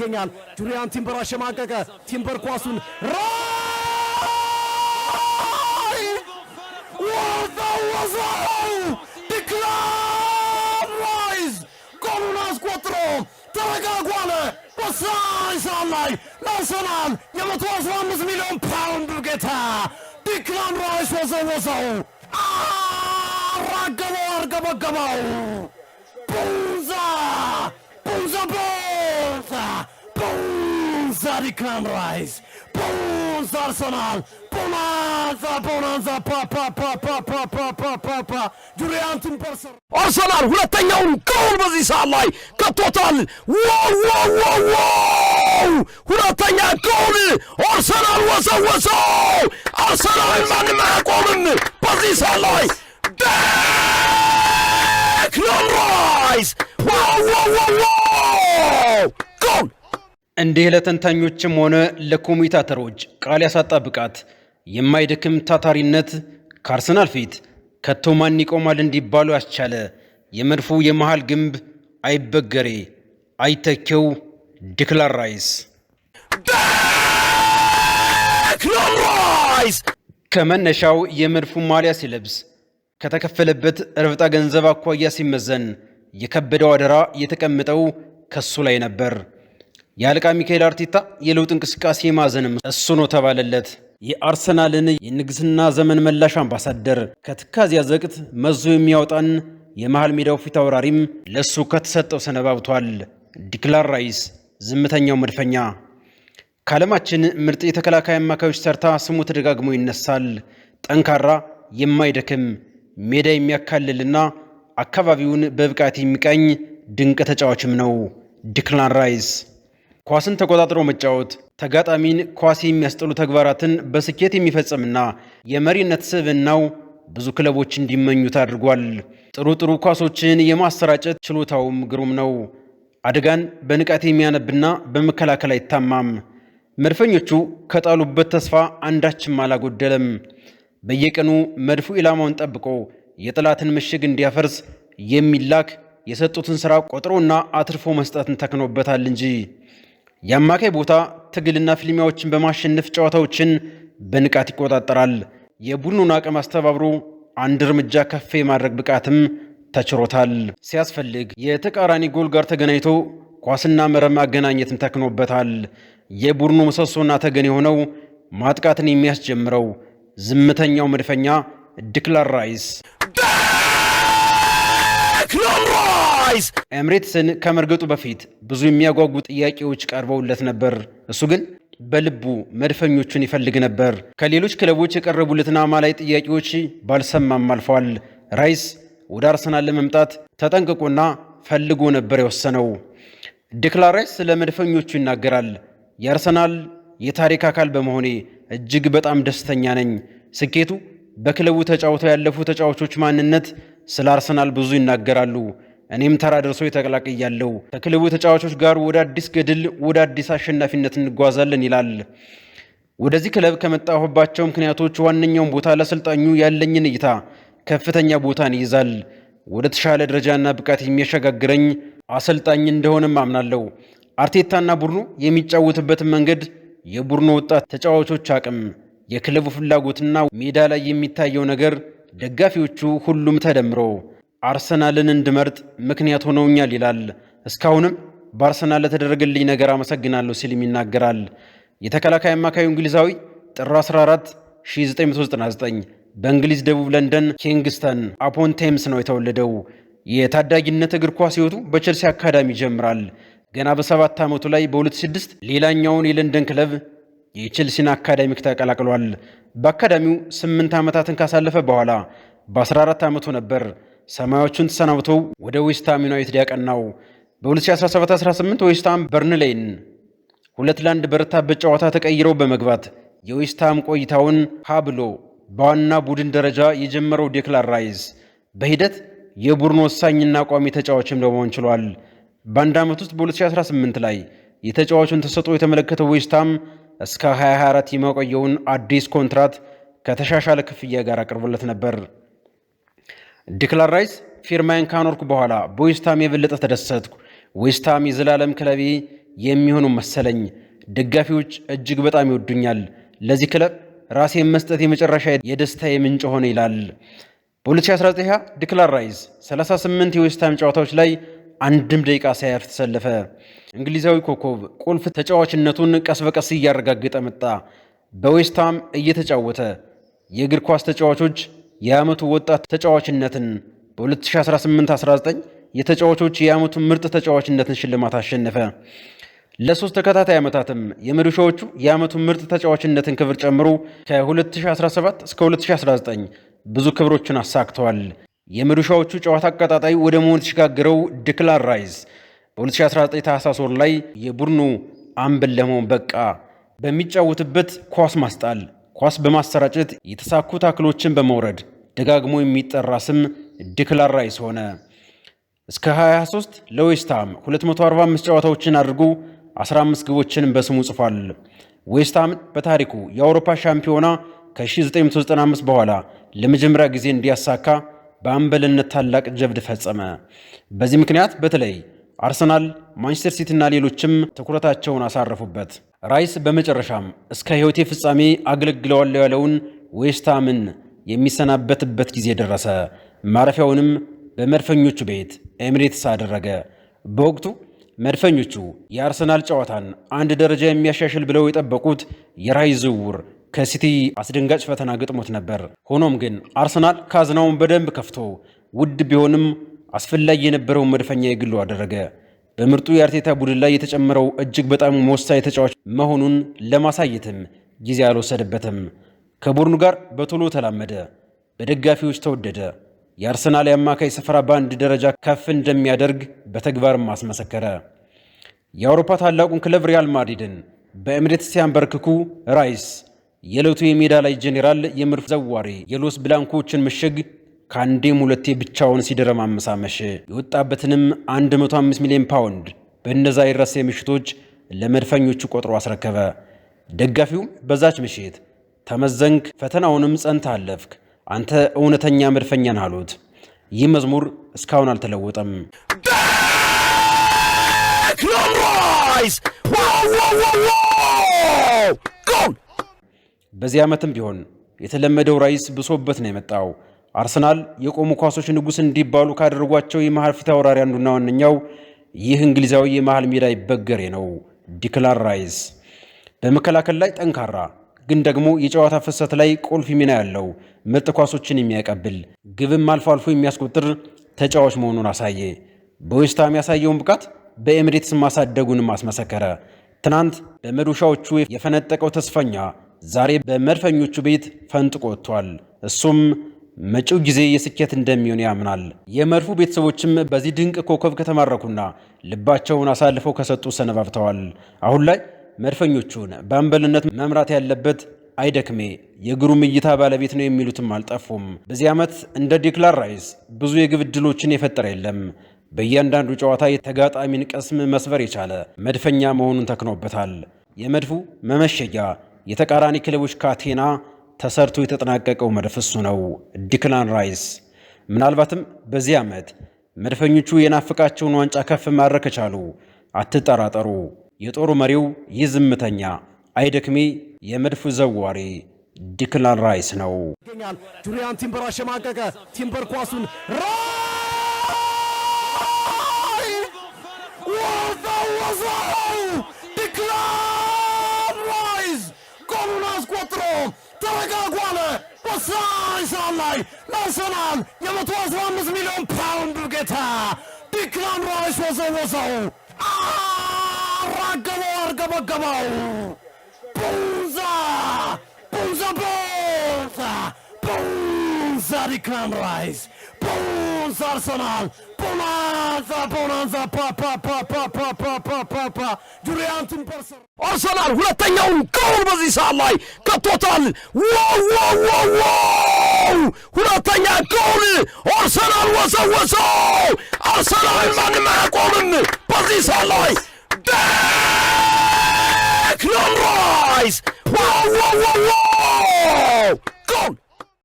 ይገኛል። ጁሪያን ቲምበር አሸማቀቀ። ቲምበር ኳሱን ራይ ወፈወሰው ዲክላን ራይስ ጎሉን አስቆጥሮ ተረጋጓለ። ላይ ሚሊዮን ፓውንድ ጌታ ዲክላን ራይስ ወዘወዘው፣ አራገበው፣ አርገበገበው ቡንዛ ቡንዛ Bonanza di Camrise, Bonanza Arsenal, Bonanza, Bonanza, pa pa pa pa pa pa pa pa pa አርሰናል ሁለተኛውን ጎል በዚህ ሰዓት ላይ ከቶታል። ዋው ሁለተኛ ጎል አርሰናል ወሰወሰው። አርሰናል ማንም አያቆምም በዚህ ሰዓት ላይ ደክ እንዲህ ለተንታኞችም ሆነ ለኮሚታተሮች ቃል ያሳጣ ብቃት፣ የማይደክም ታታሪነት ከአርሰናል ፊት ከቶ ማን ይቆማል እንዲባሉ ያስቻለ የመድፉ የመሃል ግንብ አይበገሬ አይተኬው ዲክላን ራይስ ከመነሻው የመድፉ ማሊያ ሲለብስ ከተከፈለበት ርብጣ ገንዘብ አኳያ ሲመዘን የከበደው አደራ የተቀመጠው ከሱ ላይ ነበር። የአለቃ ሚካኤል አርቴታ የለውጥ እንቅስቃሴ ማዕዘንም እሱ ነው ተባለለት። የአርሰናልን የንግስና ዘመን መላሽ አምባሳደር ከትካዚያ አዘቅት መዞ የሚያወጣን የመሃል ሜዳው ፊት አውራሪም ለእሱ ከተሰጠው ሰነባብቷል። ዲክላር ራይስ ዝምተኛው መድፈኛ ከዓለማችን ምርጥ የተከላካይ አማካዮች ተርታ ስሙ ተደጋግሞ ይነሳል። ጠንካራ፣ የማይደክም ሜዳ የሚያካልልና አካባቢውን በብቃት የሚቃኝ ድንቅ ተጫዋችም ነው ዲክላን ራይስ። ኳስን ተቆጣጥሮ መጫወት ተጋጣሚን ኳስ የሚያስጥሉ ተግባራትን በስኬት የሚፈጽምና የመሪነት ስብዕናው ብዙ ክለቦች እንዲመኙት አድርጓል። ጥሩ ጥሩ ኳሶችን የማሰራጨት ችሎታውም ግሩም ነው። አደጋን በንቃት የሚያነብና በመከላከል አይታማም። መድፈኞቹ ከጣሉበት ተስፋ አንዳችም አላጎደለም። በየቀኑ መድፉ ኢላማውን ጠብቆ የጠላትን ምሽግ እንዲያፈርስ የሚላክ የሰጡትን ስራ ቆጥሮና አትርፎ መስጠትን ተክኖበታል እንጂ የአማካይ ቦታ ትግልና ፍልሚያዎችን በማሸነፍ ጨዋታዎችን በንቃት ይቆጣጠራል። የቡድኑን አቅም አስተባብሮ አንድ እርምጃ ከፍ የማድረግ ብቃትም ተችሮታል። ሲያስፈልግ የተቃራኒ ጎል ጋር ተገናኝቶ ኳስና መረብ ማገናኘትም ተክኖበታል። የቡድኑ ምሰሶና ተገን የሆነው ማጥቃትን የሚያስጀምረው ዝምተኛው መድፈኛ ዲክላን ራይስ ኤምሬትስን ከመርገጡ በፊት ብዙ የሚያጓጉ ጥያቄዎች ቀርበውለት ነበር። እሱ ግን በልቡ መድፈኞቹን ይፈልግ ነበር። ከሌሎች ክለቦች የቀረቡለትን አማላይ ጥያቄዎች ባልሰማም አልፏል። ራይስ ወደ አርሰናል ለመምጣት ተጠንቅቆና ፈልጎ ነበር የወሰነው። ዴክላን ራይስ ስለ መድፈኞቹ ይናገራል። የአርሰናል የታሪክ አካል በመሆኔ እጅግ በጣም ደስተኛ ነኝ። ስኬቱ በክለቡ ተጫውተው ያለፉ ተጫዋቾች ማንነት ስለ አርሰናል ብዙ ይናገራሉ። እኔም ተራ ደርሶ ተቀላቅያለሁ። ከክለቡ ተጫዋቾች ጋር ወደ አዲስ ገድል፣ ወደ አዲስ አሸናፊነት እንጓዛለን ይላል። ወደዚህ ክለብ ከመጣሁባቸው ምክንያቶች ዋነኛውን ቦታ ለአሰልጣኙ ያለኝን እይታ ከፍተኛ ቦታን ይይዛል። ወደ ተሻለ ደረጃና ብቃት የሚያሸጋግረኝ አሰልጣኝ እንደሆነም አምናለሁ። አርቴታና ቡድኑ የሚጫወትበትን መንገድ፣ የቡድኑ ወጣት ተጫዋቾች አቅም፣ የክለቡ ፍላጎትና ሜዳ ላይ የሚታየው ነገር፣ ደጋፊዎቹ፣ ሁሉም ተደምረው አርሰናልን እንድመርጥ ምክንያት ሆነውኛል ይላል። እስካሁንም በአርሰናል ለተደረገልኝ ነገር አመሰግናለሁ ሲልም ይናገራል። የተከላካይ አማካዩ እንግሊዛዊ ጥር 14 1999 በእንግሊዝ ደቡብ ለንደን ኪንግስተን አፖን ቴምስ ነው የተወለደው። የታዳጊነት እግር ኳስ ሕይወቱ በቸልሲ አካዳሚ ይጀምራል። ገና በሰባት ዓመቱ ላይ በ2006 ሌላኛውን የለንደን ክለብ የቼልሲን አካዳሚክ ተቀላቅሏል። በአካዳሚው ስምንት ዓመታትን ካሳለፈ በኋላ በ14 ዓመቱ ነበር ሰማዮቹን ተሰናብቶ ወደ ዌስትሃም ዩናይትድ ያቀናው በ2017-18 ዌስትሃም በርንሌይን ሁለት ለአንድ በረታበት ጨዋታ ተቀይረው በመግባት የዌስትሃም ቆይታውን ሀ ብሎ በዋና ቡድን ደረጃ የጀመረው ዴክላን ራይስ በሂደት የቡድን ወሳኝና ቋሚ ተጫዋችም ለመሆን ችሏል። በአንድ ዓመት ውስጥ በ2018 ላይ የተጫዋቹን ተሰጥኦ የተመለከተው ዌስትሃም እስከ 2024 የማቆየውን አዲስ ኮንትራት ከተሻሻለ ክፍያ ጋር አቅርቦለት ነበር። ዲክላን ራይስ ፊርማዬን ካኖርኩ በኋላ በዌስትሃም የበለጠ ተደሰትኩ። ዌስትሃም የዘላለም ክለቤ የሚሆኑ መሰለኝ። ደጋፊዎች እጅግ በጣም ይወዱኛል። ለዚህ ክለብ ራሴን መስጠት የመጨረሻ የደስታ የምንጭ ሆነ ይላል። በ2019 ዲክላን ራይስ 38 የዌስትሃም ጨዋታዎች ላይ አንድም ደቂቃ ሳያርፍ ተሰለፈ። እንግሊዛዊ ኮከብ ቁልፍ ተጫዋችነቱን ቀስ በቀስ እያረጋገጠ መጣ። በዌስትሃም እየተጫወተ የእግር ኳስ ተጫዋቾች የዓመቱ ወጣት ተጫዋችነትን በ2018-19 የተጫዋቾች የዓመቱ ምርጥ ተጫዋችነትን ሽልማት አሸነፈ። ለሶስት ተከታታይ ዓመታትም የመዶሻዎቹ የዓመቱ ምርጥ ተጫዋችነትን ክብር ጨምሮ ከ2017 እስከ 2019 ብዙ ክብሮችን አሳክተዋል። የመዶሻዎቹ ጨዋታ አቀጣጣይ ወደ መሆን የተሸጋገረው ዲክላን ራይስ በ2019 ታህሳስ ወር ላይ የቡድኑ አምበል ለመሆን በቃ። በሚጫወትበት ኳስ ማስጣል፣ ኳስ በማሰራጨት የተሳኩ ታክሎችን በመውረድ ደጋግሞ የሚጠራ ስም ዲክላን ራይስ ሆነ። እስከ 23 ለዌስትሃም 245 ጨዋታዎችን አድርጎ 15 ግቦችን በስሙ ጽፏል። ዌስትሃም በታሪኩ የአውሮፓ ሻምፒዮና ከ1995 በኋላ ለመጀመሪያ ጊዜ እንዲያሳካ በአምበልነት ታላቅ ጀብድ ፈጸመ። በዚህ ምክንያት በተለይ አርሰናል፣ ማንቸስተር ሲቲ እና ሌሎችም ትኩረታቸውን አሳረፉበት። ራይስ በመጨረሻም እስከ ሕይወቴ ፍጻሜ አገለግለዋለሁ ያለውን ዌስትሃምን የሚሰናበትበት ጊዜ ደረሰ። ማረፊያውንም በመድፈኞቹ ቤት ኤምሬትስ አደረገ። በወቅቱ መድፈኞቹ የአርሰናል ጨዋታን አንድ ደረጃ የሚያሻሽል ብለው የጠበቁት የራይ ዝውውር ከሲቲ አስደንጋጭ ፈተና ገጥሞት ነበር። ሆኖም ግን አርሰናል ካዝናውን በደንብ ከፍቶ ውድ ቢሆንም አስፈላጊ የነበረውን መድፈኛ የግሉ አደረገ። በምርጡ የአርቴታ ቡድን ላይ የተጨመረው እጅግ በጣም ወሳኝ ተጫዋች መሆኑን ለማሳየትም ጊዜ አልወሰደበትም። ከቡድኑ ጋር በቶሎ ተላመደ፣ በደጋፊዎች ተወደደ። የአርሰናል የአማካይ ስፍራ በአንድ ደረጃ ከፍ እንደሚያደርግ በተግባርም አስመሰከረ። የአውሮፓ ታላቁን ክለብ ሪያል ማድሪድን በእምሬት ሲያንበርክኩ ራይስ የዕለቱ የሜዳ ላይ ጄኔራል የምርፍ ዘዋሪ የሎስ ብላንኮችን ምሽግ ከአንዴም ሁለቴ ብቻውን ሲደረማምስ አመሸ። የወጣበትንም 105 ሚሊዮን ፓውንድ በእነዛ የረሴ ምሽቶች ለመድፈኞቹ ቆጥሮ አስረከበ። ደጋፊውም በዛች ምሽት ተመዘንክ፣ ፈተናውንም ጸንተ አለፍክ፣ አንተ እውነተኛ መድፈኛ ነህ አሉት። ይህ መዝሙር እስካሁን አልተለወጠም። በዚህ ዓመትም ቢሆን የተለመደው ራይስ ብሶበት ነው የመጣው። አርሰናል የቆሙ ኳሶች ንጉሥ እንዲባሉ ካደረጓቸው የመሃል ፊት አውራሪ አንዱና ዋነኛው ይህ እንግሊዛዊ የመሃል ሜዳ ይበገሬ ነው ዲክላን ራይስ። በመከላከል ላይ ጠንካራ ግን ደግሞ የጨዋታ ፍሰት ላይ ቁልፍ ሚና ያለው ምርጥ ኳሶችን የሚያቀብል ግብም አልፎ አልፎ የሚያስቆጥር ተጫዋች መሆኑን አሳየ። በዌስትሃም ያሳየውን ብቃት በኤምሬትስ ማሳደጉንም አስመሰከረ። ትናንት በመዶሻዎቹ የፈነጠቀው ተስፈኛ ዛሬ በመድፈኞቹ ቤት ፈንጥቆ ወጥቷል። እሱም መጪው ጊዜ የስኬት እንደሚሆን ያምናል። የመድፉ ቤተሰቦችም በዚህ ድንቅ ኮከብ ከተማረኩና ልባቸውን አሳልፈው ከሰጡ ሰነባብተዋል። አሁን ላይ መድፈኞቹን በአምበልነት መምራት ያለበት አይደክሜ የግሩም እይታ ባለቤት ነው የሚሉትም አልጠፉም። በዚህ ዓመት እንደ ዴክላን ራይስ ብዙ የግብ ዕድሎችን የፈጠረ የለም። በእያንዳንዱ ጨዋታ የተጋጣሚን ቅስም መስበር የቻለ መድፈኛ መሆኑን ተክኖበታል። የመድፉ መመሸጊያ የተቃራኒ ክለቦች ካቴና ተሰርቶ የተጠናቀቀው መድፍ እሱ ነው ዲክላን ራይስ። ምናልባትም በዚህ ዓመት መድፈኞቹ የናፍቃቸውን ዋንጫ ከፍ ማድረግ ከቻሉ አትጠራጠሩ። የጦሩ መሪው ይህ ዝምተኛ አይደክሜ የመድፍ ዘዋሪ ዲክላን ራይስ ነው። ይገኛል ጁሪያን ቲምበር አሸማቀቀ። ቲምበር ኳሱን ዲክላን ራይስ ጎሉን አስቆጥሮ ተረጋጓለ። ወሳኝ ሰዓት ላይ ለአርሰናል የ115 ሚሊዮን ፓውንድ ጌታ ዲክላን ራይስ ወዘወዘው። ዘረገበገበው። ቡንዛ ቡንዛ ቦንዛ ቡንዛ ዲክላን ራይስ ቡንዛ አርሰናል ቦናንዛ ቦናንዛ ፓፓፓፓፓፓፓፓ ጁሪያንቱን ፐርሰን አርሰናል ሁለተኛውን ጎል በዚህ ሰዓት ላይ ከቶታል። ዋዋዋዋው ሁለተኛ ጎል አርሰናል ወሰወሰው። አርሰናልን ማንም አያቆምም በዚህ ሰዓት ላይ Make no noise! Whoa, whoa, whoa, whoa!